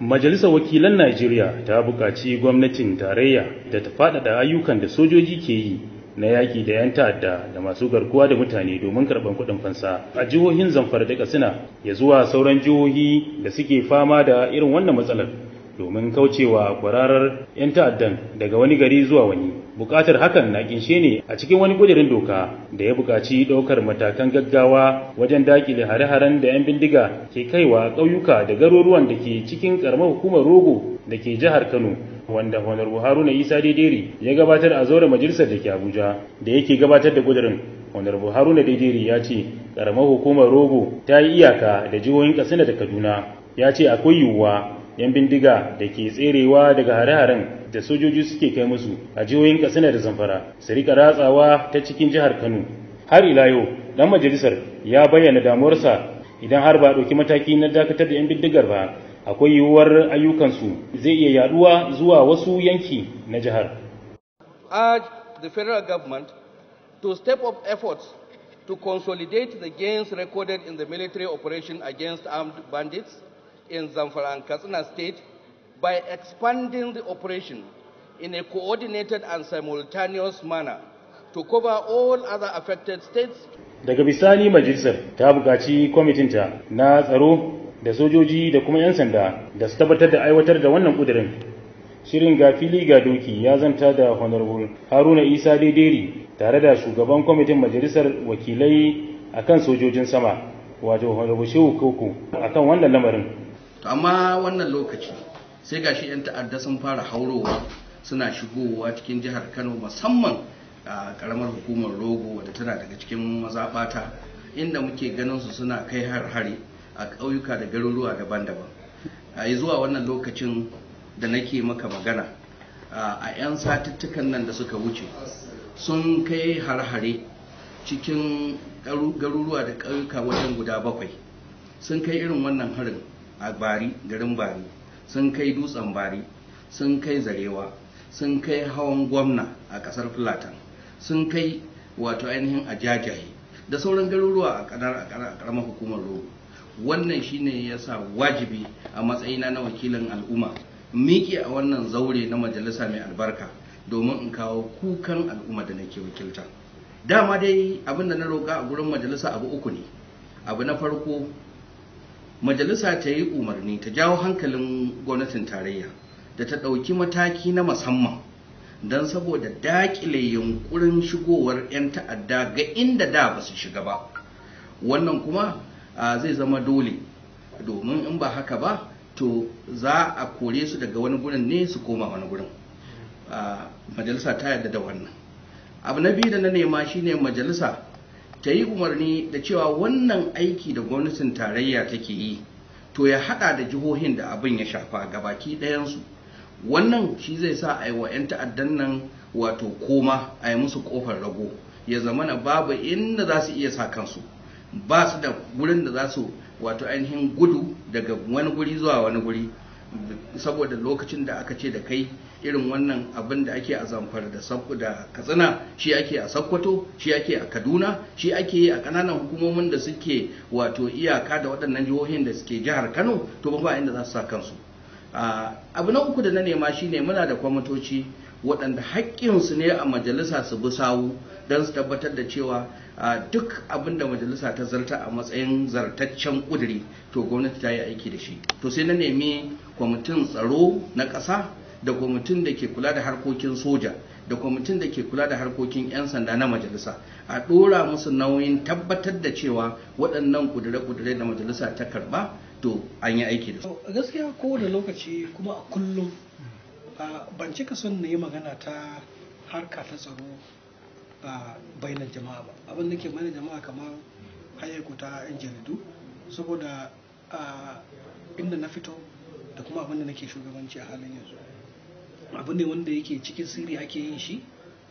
Majalisar Wakilan Najeriya ta buƙaci gwamnatin tarayya da ta faɗaɗa ayyukan da sojoji ke yi na yaƙi da 'yan ta'adda da masu garkuwa da mutane domin karɓar kuɗin fansa a jihohin zamfara da katsina ya zuwa sauran jihohi da suke fama da irin wannan matsalar domin kaucewa kwararar 'yan ta'addan daga wani gari zuwa wani bukatar hakan na kinshe ne a cikin wani kudirin doka da ya bukaci ɗaukar matakan gaggawa wajen dakile hare-haren da 'yan bindiga ke kaiwa ƙauyuka da garuruwan da ke cikin ƙaramar hukumar rogo da ke jihar kano wanda honorable haruna isa daideri ya gabatar a zaure majalisar da ke abuja da yake gabatar da kudirin honorable haruna ya ce ƙaramar hukumar rogo ta yi iyaka da jihohin katsina da kaduna ya ce akwai yiwuwa yan bindiga da ke tserewa daga hare-haren da sojoji suke kai musu a jihohin katsina da zamfara su rika ratsawa ta cikin jihar kano har ila yau dan majalisar ya bayyana damuwarsa idan har ba ɗauki mataki na dakatar da yan bindigar ba akwai yiwuwar ayyukansu zai iya yaduwa zuwa wasu yanki na jihar urge the federal government to step up efforts to consolidate the gains recorded in the military operation against armed bandits in Zamfara and Katsina state by expanding the operation in a coordinated and simultaneous manner to cover all other affected states. Daga bisani majalisar ta buƙaci kwamitinta na tsaro da sojoji da kuma 'yan sanda da su tabbatar da aiwatar da wannan ƙudurin. Shirin ga fili ga doki ya zanta da Honorable Haruna Isa Dederi tare da shugaban kwamitin majalisar wakilai akan sojojin sama wato Honorable Shehu Koko akan wannan lamarin. to amma wannan lokaci sai gashi 'yan ta'adda sun fara haurowa suna shigowa cikin jihar kano musamman a karamar hukumar rogo wadda tana daga cikin mazaɓata inda muke ganin su suna kai har hare a ƙauyuka da garuruwa daban-daban a zuwa wannan lokacin da nake maka magana a 'yan satuttukan nan da suka wuce sun kai har-hare cikin garuruwa da ƙauyuka wajen guda bakwai sun kai irin wannan harin a bari garin bari sun kai dutsen bari sun kai zarewa sun kai hawan gwamna a kasar fulatan sun kai wato ainihin a jajaye da sauran garuruwa a karamar hukumar rogo wannan shine ya sa wajibi a matsayina na wakilin al'umma miƙe a wannan zaure na majalisa mai albarka domin in kawo kukan al'umma da nake wakilta dama dai abinda na roƙa a gurin majalisa abu uku ne abu na farko majalisa ta yi umarni ta jawo hankalin gwamnatin tarayya da ta ɗauki mataki na musamman don saboda daƙile yunkurin shigowar 'yan ta'adda ga inda da ba su shiga ba wannan kuma zai zama dole domin in ba haka ba to za a kore su daga wani gurin ne su koma wani gurin majalisa ta yarda da wannan abu na biyu da na nema shine majalisa ta yi umarni da cewa wannan aiki da gwamnatin tarayya take yi to ya hada da jihohin da abin ya shafa ga gabaki ɗayansu wannan shi zai sa a yi wa 'yan ta'addan nan wato koma a yi musu kofar rago ya zama na babu inda za su iya sa kansu ba su da wurin da za su wato ainihin gudu daga wani guri zuwa wani guri saboda lokacin da aka ce da kai irin wannan abin da ake a zamfar da katsina shi ake a sakkwato shi ake a kaduna shi ake a kananan hukumomin da suke wato iyaka da waɗannan jihohin da suke jihar kano to ba inda za su sa kansu ah, abu na uku da na nema shine muna da kwamitoci waɗanda haƙƙinsu ne a majalisa su bi sawu don su tabbatar da cewa duk abin da majalisa ta zarta a matsayin zartaccen ƙuduri to gwamnati ta yi aiki da shi to sai na nemi kwamitin tsaro na ƙasa da kwamitin da ke kula da harkokin soja da kwamitin da ke kula da harkokin 'yan sanda na majalisa a ɗora musu nauyin tabbatar da cewa waɗannan ƙudure-ƙudure da majalisa ta karɓa, to an yi aiki da su gaskiya kowane lokaci kuma a kullum ban cika son na yi magana ta harka ta tsaro a bainar jama'a ba abin da ke bainar jama'a kamar hayyaku ta yan jaridu saboda a inda na fito da kuma abin da nake shugabanci a halin yanzu abin ne wanda yake cikin sirri ake yin shi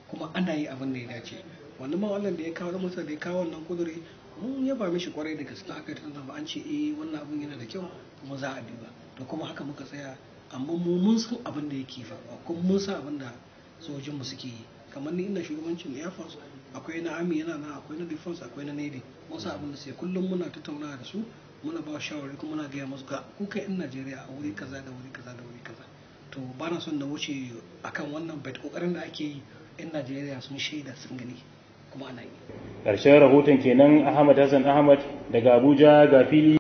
kuma ana yi abin da ya dace wannan ma wannan da ya kawo masa da ya kawo wannan kudure mun yaba mishi kwarai da gaske aka yi ba an ce eh wannan abin yana da kyau kuma za a duba da kuma haka muka tsaya amma mu mun san abin da yake faruwa kuma mun san abin da sojinmu suke yi kamar ni ina shugabancin air force akwai na army yana na akwai na defense akwai na navy wasu abin da sai kullum muna tattaunawa da su muna ba shawari kuma muna gaya musu ga kuka yan najeriya a wuri kaza da wuri kaza da wuri kaza to ba na son na wuce akan wannan bet kokarin da ake yi yan najeriya sun shaida sun gani kuma ana yi ƙarshen rahoton kenan ahmad hassan ahmad daga abuja ga fili